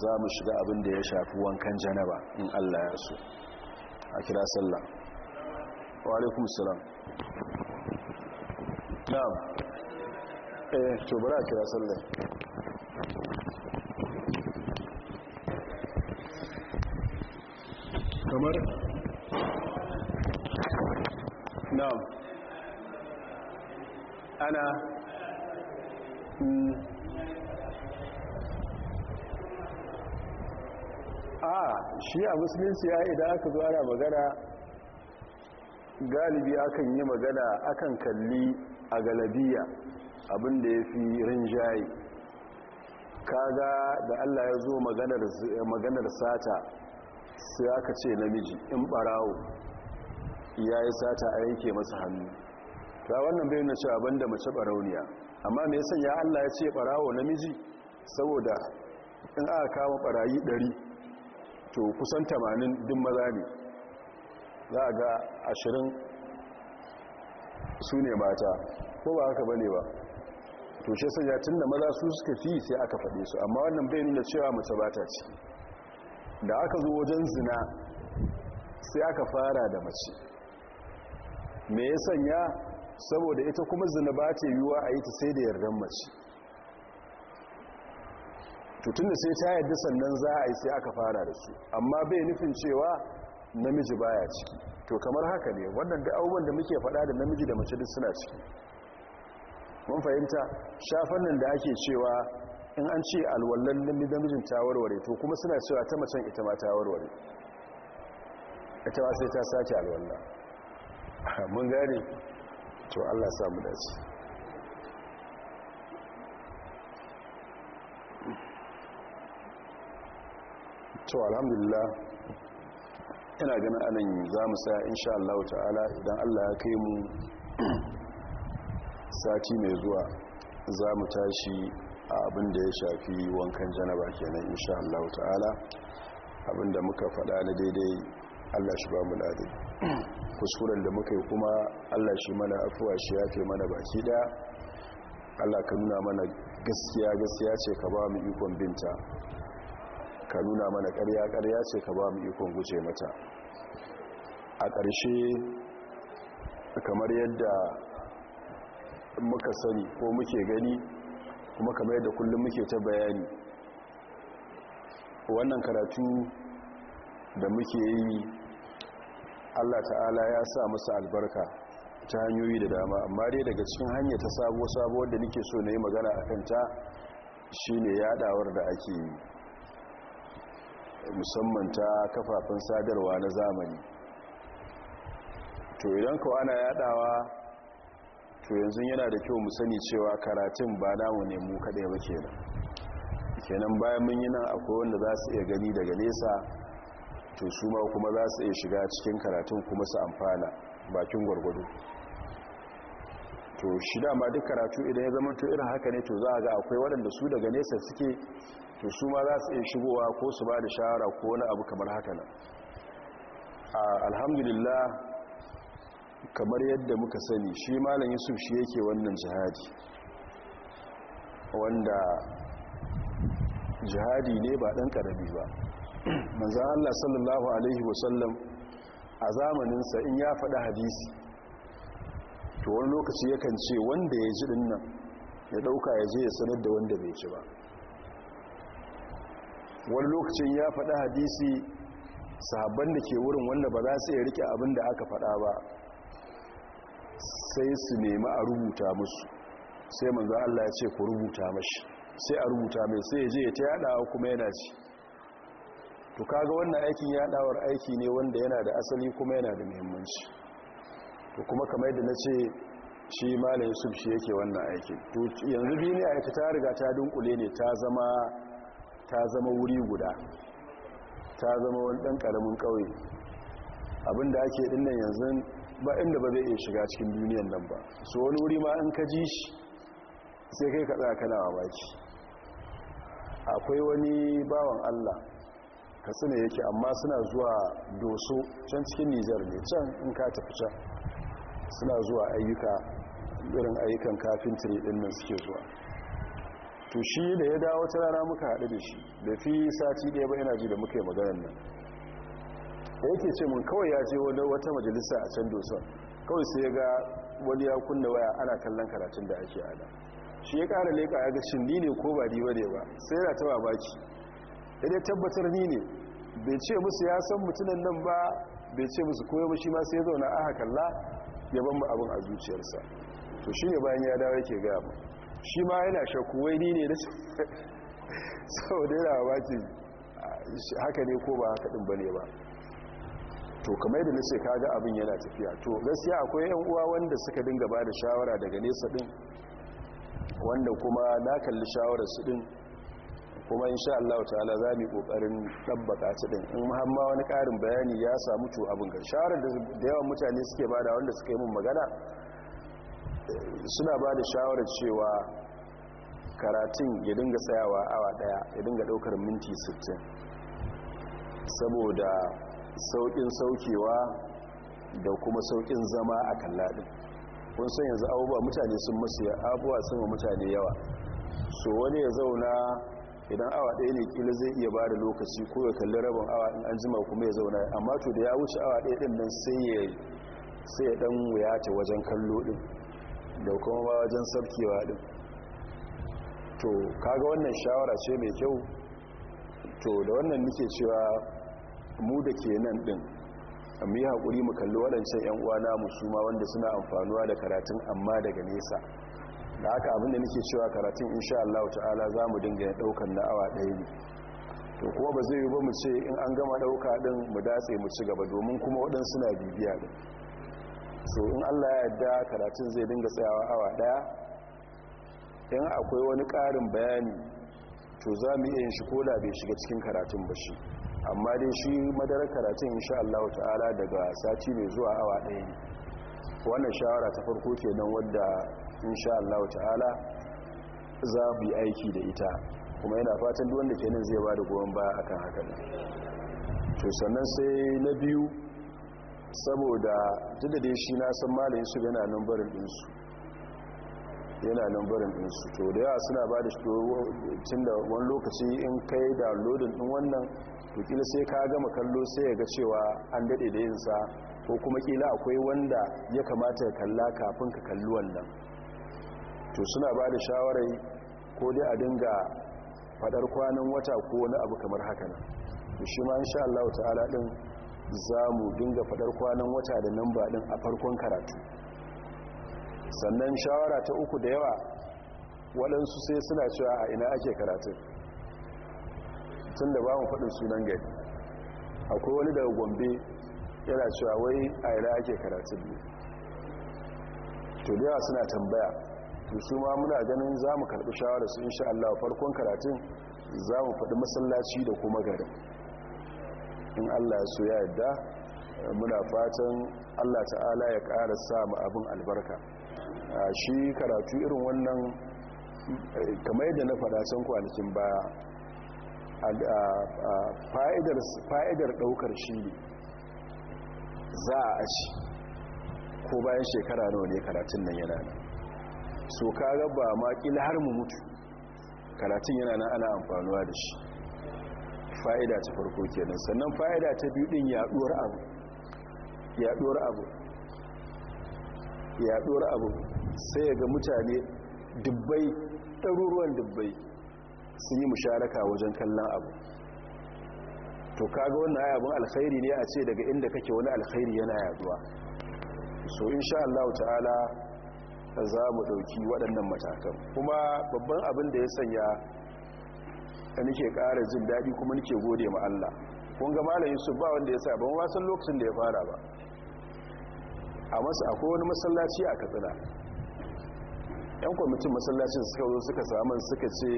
za mu shiga abin da ya shafi wankan janaba in Allah ya so a kira sallah wa alaikum salam na'am eh to bara kira sallah kamar na'am ana hmm. a shi a musulunci ya idan aka zo magana galibi akan yi magana akan kalli a galabiya abinda ya fi rinjaye kaga da allah ya zo maganar sata sai aka ce namiji in barawo ya yi sata a yanke masa hannu ta wannan bai na cewa banda mace barauniya amma mai ya allah ya ce barawo namiji saboda in aka kama barayi ɗari to kusan tamanin duk maza ne za a ga ashirin su ne mata ko ba haka bane ba to shi sanya tun da maza su suka fi sai aka faɗe su amma wannan bai na cewa mace bata ta ciki da aka zo wajen zina sai aka fara da mace me ya sanya saboda ita kuma zina ba ta yiwuwa a yi ta sai da yardar mace tutun da sai ta yadda sannan za a yi sai aka fara da su amma bai nufin cewa namiji baya ciki to kamar haka ne wannan da abubuwan da muke faɗa da namiji da mace duk suna ciki mun fahimta nan da ake cewa in an ce alwallan namijin ta warware to kuma suna cewa ta macen ita ma ta warware ita ma sai ta sake alwallon mun gane to Allah samu dace to alhamdulillah ina ganin anan za mu sa insha Allah ta'ala idan Allah ya kai mu sati mai zuwa za mu tashi abin da ya shafi wankan janaba kenan insha Allah ta'ala abin da muka faɗa na daidai Allah shi ba mu ladi kusuran da muka yi kuma Allah shi mana afuwa shi ya ce mana baki da Allah ka nuna mana gaskiya gaskiya ce ka ba mu ikon binta ka nuna mana ƙarya ƙarya ce ka ba mu ikon guje mata a ƙarshe kamar yadda muka sani ko muke gani kuma kamar da kullum muke ta bayani wannan karatu da muke yi allah ta'ala ya sa masa albarka ta hanyoyi da dama amma dai daga cikin hanya ta sabo-sabo wadda nake so na yi magana a kanta shine yadawar da ake yi musamman ta kafafen sadarwa na zamani to idan kawana yadawa to yanzu yana da kyau mu sani cewa karatun ba namu ne mu kaɗai ba kenan kenan bayan mun yi nan akwai wanda za su iya gani daga nesa to su ma kuma za su iya shiga cikin karatun kuma su amfana bakin gwargwado to shi dama duk karatu idan ya zama to irin haka ne to za a ga akwai waɗanda su daga nesa suke to su ma za su iya shigowa ko su ba da shawara ko wani abu kamar haka nan alhamdulillah kamar yadda muka sani shi malam yusuf shi yake wannan jihadi wanda jihadi ne ba ɗan ƙarami ba manzan allah sallallahu alaihi wasallam a zamaninsa in ya faɗi hadisi to wani lokaci yakan ce wanda ya ji ɗin ya ɗauka ya je ya sanar da wanda bai ci ba wani lokacin ya faɗi hadisi sahabban da ke wurin wanda ba za su iya rike abin da aka faɗa ba sai su nemi a rubuta musu sai manzo Allah ya ce ku rubuta mashi sai a rubuta mai sai je ta yadawa kuma yana ci to kaga wannan aikin yaɗawar aiki ne wanda yana da asali kuma yana da muhimmanci to kuma kamar yadda ce shi malam Yusuf shi yake wannan aikin to yanzu bi ne ita ta riga ta dunkule ne ta zama ta zama wuri guda ta zama wani ɗan karamin ƙauye abinda ake dinnan yanzu ba inda ba zai iya shiga cikin duniyan nan ba su wani wuri ma an ka ji shi sai kai ka tsaka kana mamaki akwai wani bawan Allah ka katsina yake amma suna zuwa doso can cikin Nijar ne can in ka tafi can suna zuwa ayyuka irin ayyukan kafintiri din nan suke zuwa to shi da ya dawo ta rana muka haɗu da shi da fi sati ɗaya ba yana ji da muka yi maganar nan da yake ce mun kawai ya je wani wata majalisa a can dosa kawai sai ga wani ya kunna waya ana kallon karatun da ake ana shi ya kara leka ya ga shin ni ne ko ba ni ne ba sai yana ta babaki dai tabbatar ni ne bai ce musu ya san mutunan nan ba bai ce musu koyo ba shi ma sai zauna aka kalla ya ban mu abin a zuciyarsa to shi ne bayan ya dawo yake gaya mu shi ma yana shakku wai ni ne da saboda yana babaki ah, haka ne ko ba haka din bane ba to kamar yadda nace kaga abin yana tafiya to gaskiya akwai yan uwa wanda suka dinga ba da shawara daga nesa din wanda kuma na kalli shawarar su din kuma insha Allah ta'ala za mu kokarin tabbata ta din in muhamma wani karin bayani ya samu to abin ga shawarar da yawan mutane suke bada wanda suka yi mun magana suna bada da shawarar cewa karatun ya dinga tsayawa awa daya ya dinga daukar minti 60 saboda saukin saukewa da kuma saukin zama a kalladin kun san yanzu abubuwa mutane sun masu abubuwa sun mutane yawa so wani ya zauna idan awa ɗaya ne kila zai iya ba da lokaci ko ya kalli rabin awa in an jima kuma ya zauna amma to da ya wuce awa ɗaya ɗin nan sai ya sai ya ɗan ta wajen kallo ɗin da kuma ba wajen sarkewa ɗin to kaga wannan shawara ce mai kyau to da wannan nike cewa mu da ke nan din mu yi haƙuri mu kalli waɗancan 'yan uwa na su wanda suna amfanuwa da karatun amma daga nesa da haka abinda nake cewa karatun insha Allah ta'ala za mu dinga ya ɗaukar na awa ɗaya ne to kuma ba zai yi ba mu ce in an gama ɗauka ɗin mu datse mu ci gaba domin kuma waɗansu suna bibiya ɗin so in Allah ya yarda karatun zai dinga tsayawa awa ɗaya in akwai wani ƙarin bayani to za mu iya yin shi ko da bai shiga cikin karatun ba shi amma dai shi madarar karatun insha Allah ta'ala daga sati mai zuwa awa ɗaya ne wannan shawara ta farko nan wadda insha Allah ta'ala za mu aiki da ita kuma yana fatan duk wanda kenan zai ba da goyon baya akan haka ne to sannan sai na biyu saboda duk da dai shi na san malamin su yana nan barin su yana nan barin su to da yawa suna ba da shi tun wani lokaci in kai da lodin din wannan to kila sai ka gama kallo sai ya ga cewa an daɗe da yinsa ko kuma kila akwai wanda ya kamata ya kalla kafin ka kalli wannan to suna ba da shawarai ko dai a dinga fadar kwanan wata ko wani abu kamar haka nan to shi ma insha Allah ta'ala din za mu dinga fadar kwanan wata da nan ba din a farkon karatu sannan shawara ta uku da yawa waɗansu sai suna cewa a ina ake karatun tun da ba faɗin sunan gari akwai wani daga gombe yana cewa wai a yara ake karatu biyu to suna tambaya to su ma muna ganin za mu karɓi shawara su insha Allah farkon karatun za mu faɗi masallaci da kuma gari in Allah ya so ya yadda muna fatan Allah ta'ala ya ƙara sa mu abin albarka shi karatu irin wannan eh, kamar yadda na faɗa can kwanakin baya fa'idar daukar ne za a ci ko bayan shekara nawa ne karatun nan yana nan so ga ba ma har mu mutu karatun yana nan ana amfanuwa da shi fa'ida ta farko kenan sannan fa'ida ta biyu din yaɗuwar abu yaɗuwar abu yaɗuwar abu sai ga mutane dubbai ɗaruruwan dubbai sun yi musharaka wajen kallon abu to kaga wannan ayabin alkhairi ne a ce daga inda kake wani alkhairi yana yaduwa so insha Allah ta'ala za mu dauki waɗannan matakan kuma babban abin da ya sanya da nake ƙara jin daɗi kuma nake gode ma Allah kun ga malamin su ba wanda ya sa ban wasan lokacin da ya fara ba a masu akwai wani masallaci a katsina yan kwamitin masallacin suka zo suka samun suka ce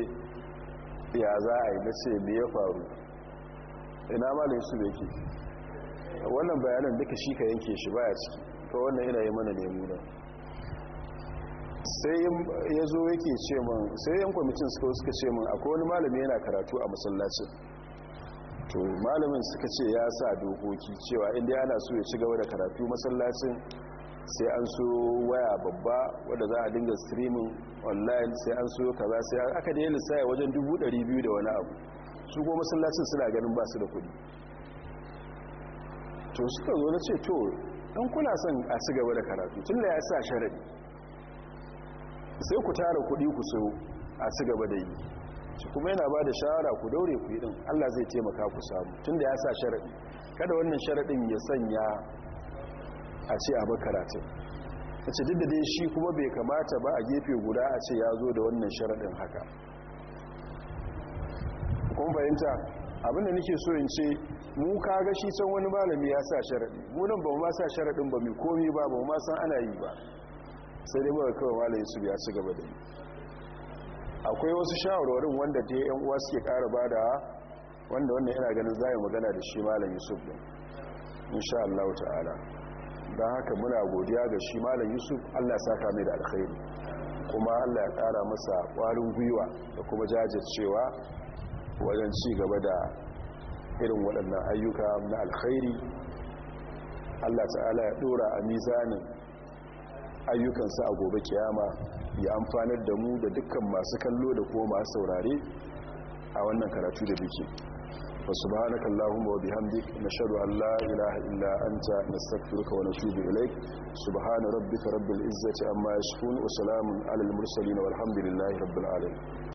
ya za a yi na ce me ya faru ina malin su da ke wannan bayanan duka shi ka yanke shi baya ciki ko wannan yana yi mana nemuna da sai ya zo yake ce sai yan kwamitin suka suka ce min akwai wani malami yana karatu a masallacin to malamin suka ce ya sa dokoki cewa inda yana so ya ci gaba da karatu masallacin sai an so waya babba wadda za a dinga streaming online sai an so kaza sai aka da yi lissaya wajen 200,000 da wani abu su goma masallacin suna ganin ba su da kudi to suka zo na ce to ɗan kuna son a su gaba da karatu tun da ya sa sharaɗi sai ku tara kuɗi ku so a su gaba da yi su kuma yana ba da shawara ku daure ku yi ɗin allah zai taimaka ku samu tun da ya sa sharaɗi kada wannan sharaɗin ya sanya a ce a makaratun a ce duk da dai shi kuma bai kamata ba a gefe guda a ce ya zo da wannan sharaɗin haka kun fahimta abinda nake so in ce mu kaga shi can wani malami ya sa sharaɗi munan ba ma sa sharaɗin ba mai komi ba ba ma san ana yi ba sai dai mawa kawai malayi su biya su gaba da yi akwai wasu shawarwarin wanda ta yi uwa suke ƙara ba da wanda wannan yana ganin za magana da shi malam yusuf biya insha Allah ta'ala don haka muna godiya ga shi malam yusuf allah saka mai da alkhairi kuma allah ya kara masa kwarin gwiwa da kuma jajircewa wajen ci gaba da irin waɗannan ayyuka na alkhairi allah ta'ala ya ɗora a mizanin ayyukansa a gobe kiyama ya amfanar da mu da dukkan masu kallo da kuma masu saurare a wannan karatu da biki wa subhanaka allahumma wa bihamdik nashhadu an la ilaha illa anta nastaghfiruka wa natubu ilaik subhana rabbika rabbil izzati amma yasifun wa salamun alal mursalin walhamdulillahi rabbil alamin